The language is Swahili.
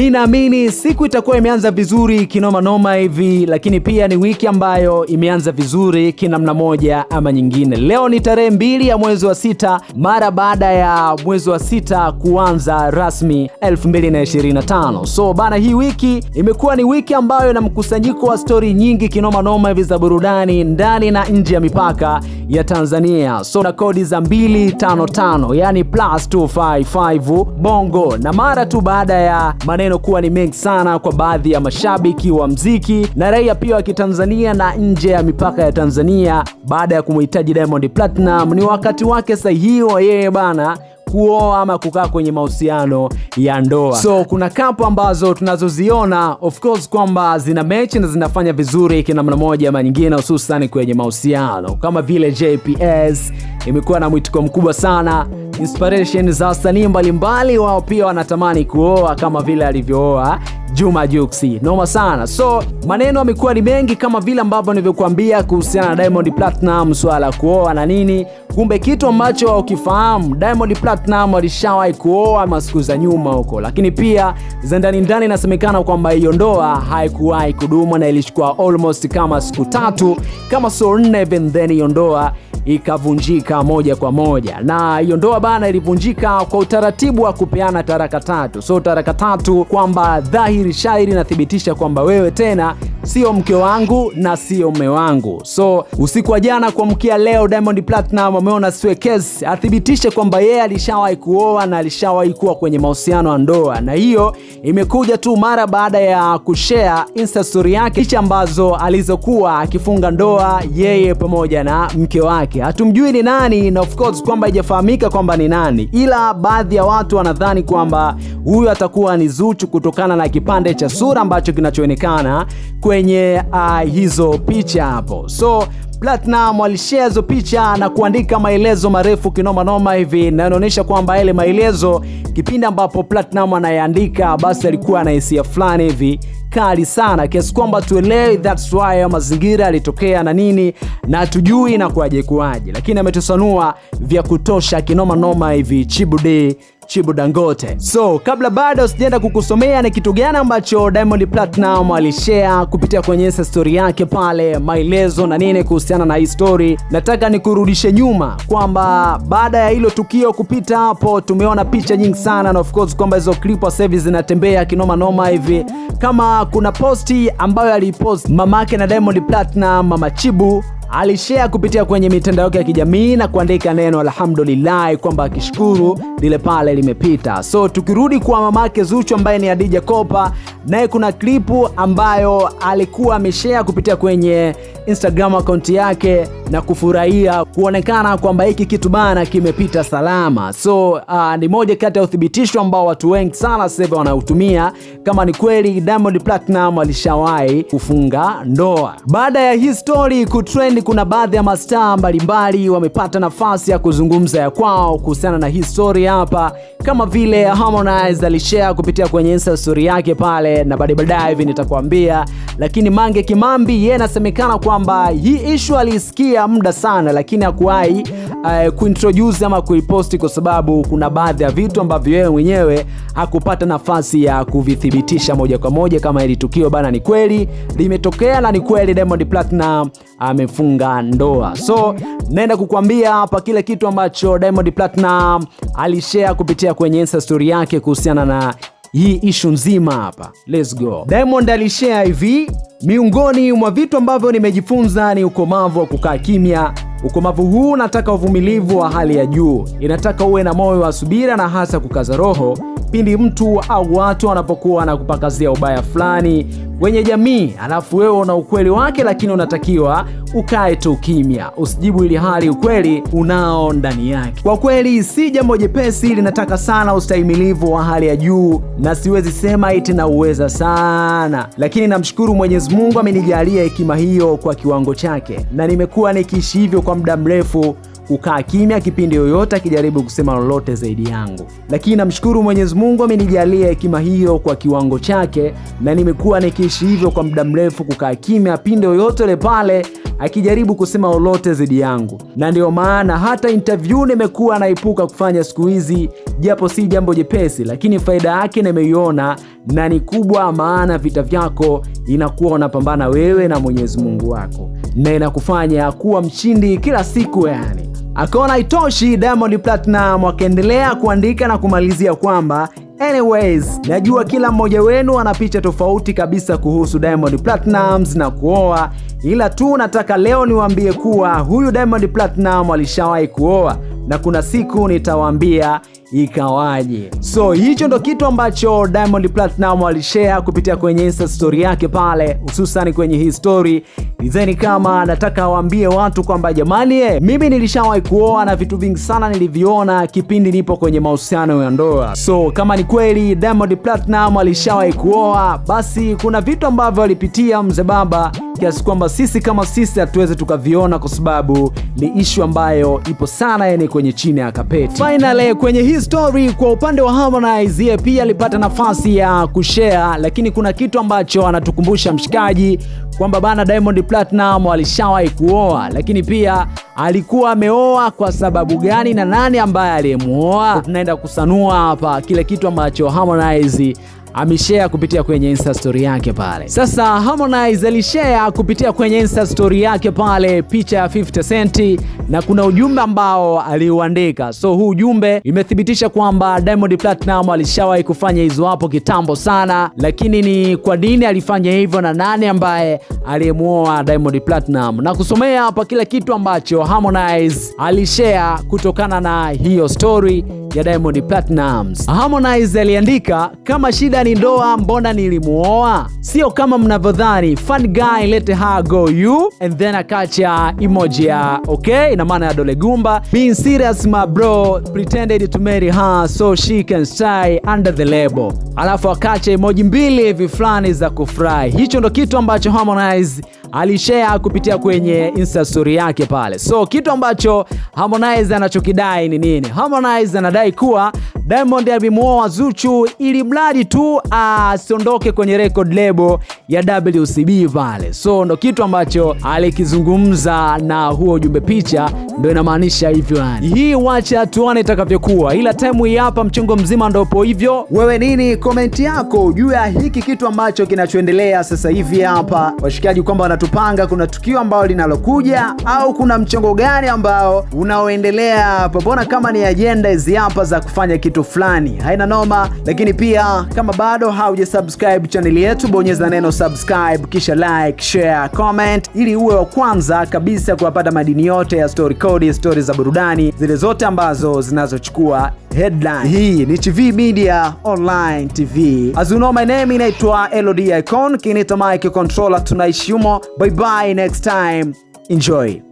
Ninaamini siku itakuwa imeanza vizuri kinoma noma hivi, lakini pia ni wiki ambayo imeanza vizuri kinamna moja ama nyingine. Leo ni tarehe mbili ya mwezi wa sita, mara baada ya mwezi wa sita kuanza rasmi 2025. So bana, hii wiki imekuwa ni wiki ambayo ina mkusanyiko wa stori nyingi kinoma noma hivi za burudani ndani na nje ya mipaka ya Tanzania. So na kodi za 255 yani plus 255 bongo, na mara tu baada ya maneno kuwa ni mengi sana kwa baadhi ya mashabiki wa mziki na raia pia wa Kitanzania na nje ya mipaka ya Tanzania baada ya kumhitaji Diamond Platinum. Ni wakati wake sahihi wa yeye bana kuoa ama kukaa kwenye mahusiano ya ndoa. So kuna kapu ambazo tunazoziona of course kwamba zina mechi na zinafanya vizuri kinamna moja ama nyingine, hususan kwenye mahusiano kama vile JPS imekuwa na mwitiko mkubwa sana inspiration za wasanii mbalimbali, wao pia wanatamani kuoa kama vile alivyooa Juma Juksi. Noma sana. So maneno yamekuwa ni mengi kama vile ambavyo nilivyokuambia kuhusiana na Diamond Platinum, swala kuoa na nini. Kumbe kitu ambacho ukifahamu, Diamond Platinum alishawahi kuoa masiku za nyuma huko, lakini pia za ndani ndani inasemekana kwamba hiyo ndoa haikuwahi kudumu na ilichukua almost kama siku tatu kama so nne, even then hiyo ndoa ikavunjika moja kwa moja, na hiyo ndoa bana ilivunjika kwa utaratibu wa kupeana taraka tatu. So taraka tatu kwamba dhahiri shairi inathibitisha kwamba wewe tena sio mke wangu na sio mme wangu. So usiku wa jana kuamkia leo, Diamond Platnumz ameona siwe athibitishe kwamba yeye alishawahi kuoa na alishawahi kuwa kwenye mahusiano ya ndoa, na hiyo imekuja tu mara baada ya kushare insta story yake hichi ambazo alizokuwa akifunga ndoa yeye pamoja na mke wake. Hatumjui ni nani na of course kwamba haijafahamika kwamba ni nani, ila baadhi ya watu wanadhani kwamba huyu atakuwa ni Zuchu kutokana na kipande cha sura ambacho kinachoonekana kwenye uh, hizo picha hapo. So Platinum alishare hizo picha na kuandika maelezo marefu kinoma noma hivi, na inaonyesha kwamba ile maelezo kipindi ambapo Platinum anayeandika, basi alikuwa na hisia fulani hivi kali sana kiasi kwamba tuelewe that's why mazingira yalitokea na nini na tujui na kuaje kuaje, lakini ametusanua vya kutosha kinoma noma hivi Chibude Chibu Dangote. So kabla bado sijaenda kukusomea ni kitu gani ambacho Diamond Platinum alishare kupitia kwenye Insta story yake pale, maelezo na nini kuhusiana na hii story, nataka nikurudishe nyuma kwamba baada ya hilo tukio kupita hapo, tumeona picha nyingi sana, na of course kwamba hizo clip wa service zinatembea kinoma noma hivi. Kama kuna posti ambayo alipost mamake na Diamond Platinum, mama Chibu alishare kupitia kwenye mitandao yake ya kijamii na kuandika neno alhamdulillah, kwamba akishukuru lile pale limepita. So tukirudi kwa mamake Zuchu ambaye ni Adija Kopa, naye kuna klipu ambayo alikuwa ameshare kupitia kwenye Instagram account yake na kufurahia kuonekana kwamba hiki kitu bana kimepita salama. So uh, ni moja kati ya uthibitisho ambao watu wengi sana sasa hivi wanautumia kama ni kweli Diamond Platinum alishawahi kufunga ndoa. Baada ya hii story kutrend lakini kuna baadhi ya mastaa mbalimbali wamepata nafasi ya kuzungumza ya kwao kuhusiana na hii story hapa kama vile Harmonize alishare kupitia kwenye Insta story yake pale, na baadaye baadaye hivi nitakwambia. Lakini Mange Kimambi yeye anasemekana kwamba hii issue aliisikia muda sana, lakini hakuwahi uh, kuintroduce ama kuiposti kwa sababu kuna baadhi ya vitu ambavyo yeye mwenyewe hakupata nafasi ya kuvithibitisha moja kwa moja kama ili tukio bana, ni kweli limetokea na ni kweli Diamond Platinum amefunga ndoa. So naenda kukwambia hapa kile kitu ambacho Diamond Platinum alishare kupitia pia kwenye Insta story yake kuhusiana na hii ishu nzima hapa. Let's go. Diamond alishare hivi, miongoni mwa vitu ambavyo nimejifunza ni ukomavu wa kukaa kimya. Ukomavu huu unataka uvumilivu wa hali ya juu, inataka uwe na moyo wa subira na hasa kukaza roho pindi mtu au watu wanapokuwa kupakazia ubaya fulani kwenye jamii, alafu wewe una ukweli wake, lakini unatakiwa ukae tu kimya, usijibu ili hali ukweli unao ndani yake. Kwa kweli si jambo jepesi, linataka sana ustahimilivu wa hali ya juu, na siwezi sema na uweza sana, lakini namshukuru Mwenyezi Mungu amenijalia hekima hiyo kwa kiwango chake, na nimekuwa nikiishi hivyo kwa muda mrefu kukaa kimya kipindi yoyote akijaribu kusema lolote zaidi yangu, lakini namshukuru Mwenyezi Mungu amenijalia hekima hiyo kwa kiwango chake, na nimekuwa nikiishi hivyo kwa muda mrefu, kukaa kimya pindi yoyote ile pale akijaribu kusema lolote zaidi yangu, na ndiyo maana hata interview nimekuwa naepuka kufanya siku hizi, japo si jambo jepesi, lakini faida yake nimeiona na ni kubwa, maana vita vyako inakuwa unapambana wewe na Mwenyezi Mungu wako na inakufanya kuwa mshindi kila siku yani. Akaona haitoshi, Diamond Platinum akaendelea kuandika na kumalizia kwamba Anyways, najua kila mmoja wenu ana picha tofauti kabisa kuhusu Diamond Platnumz na kuoa, ila tu nataka leo niwaambie kuwa huyu Diamond Platnumz alishawahi kuoa na kuna siku nitawaambia ikawaje? So hicho ndo kitu ambacho Diamond Platinum alishare kupitia kwenye Insta story yake pale, hususan kwenye hii story Nizeni kama nataka waambie watu kwamba jamani, eh, mimi nilishawahi kuoa na vitu vingi sana niliviona kipindi nipo kwenye mahusiano ya ndoa. So kama ni kweli Diamond Platinum alishawahi kuoa, basi kuna vitu ambavyo alipitia mzee baba kiasi kwamba sisi kama sisi hatuweze tukaviona kwa sababu ni ishu ambayo ipo sana, yani kwenye chini ya kapeti. Finally, kwenye hii story kwa upande wa Harmonize, yeye pia alipata nafasi ya kushare, lakini kuna kitu ambacho anatukumbusha mshikaji kwamba bana Diamond Platinum alishawahi kuoa, lakini pia alikuwa ameoa kwa sababu gani na nani ambaye aliyemuoa. Tunaenda kusanua hapa kile kitu ambacho Harmonize ameshare kupitia kwenye Insta story yake pale. Sasa Harmonize alishare kupitia kwenye Insta story yake pale picha ya 50 Cent na kuna ujumbe ambao aliuandika. So huu ujumbe imethibitisha kwamba Diamond Platinum alishawahi kufanya hizo hapo kitambo sana, lakini ni kwa nini alifanya hivyo na nani ambaye aliyemuoa Diamond Platinum, na kusomea hapa kila kitu ambacho Harmonize alishare kutokana na hiyo story ya Diamond Platnumz. Harmonize aliandika, kama shida ni ndoa, mbona nilimuoa? Sio kama mnavyodhani, fun guy let her go you and then akacha emoji ya okay, ina maana ya dole gumba. Being serious my bro pretended to marry her so she can stay under the label, alafu akacha emoji mbili hivi fulani za kufurahi. Hicho ndo kitu ambacho Harmonize alishare kupitia kwenye Insta story yake pale. So kitu ambacho Harmonize anachokidai ni nini? Harmonize ana da ikua Diamond alimuoa Zuchu ili mradi tu asiondoke kwenye record label ya WCB pale. So ndo kitu ambacho alikizungumza na huo ujumbe picha, ndo inamaanisha hivyo yani. Hii wacha tuone itakavyokuwa, ila time hii hapa mchongo mzima ndopo hivyo. Wewe nini komenti yako juu ya hiki kitu ambacho kinachoendelea sasa hivi hapa, washikaji kwamba wanatupanga kuna tukio ambalo linalokuja au kuna mchongo gani ambao unaoendelea hapa? Mbona kama ni ajenda hizi hapa za kufanya kitu kitu fulani. Haina noma, lakini pia kama bado hauja subscribe channel yetu, bonyeza neno subscribe kisha like, share, comment ili uwe wa kwanza kabisa kuwapata madini yote ya story code, story za burudani, zile zote ambazo zinazochukua headline. Hii ni Chivihi Media Online TV. As you know, my name inaitwa LOD Icon, kinito mic controller, tunaishi humo. Bye bye, next time enjoy.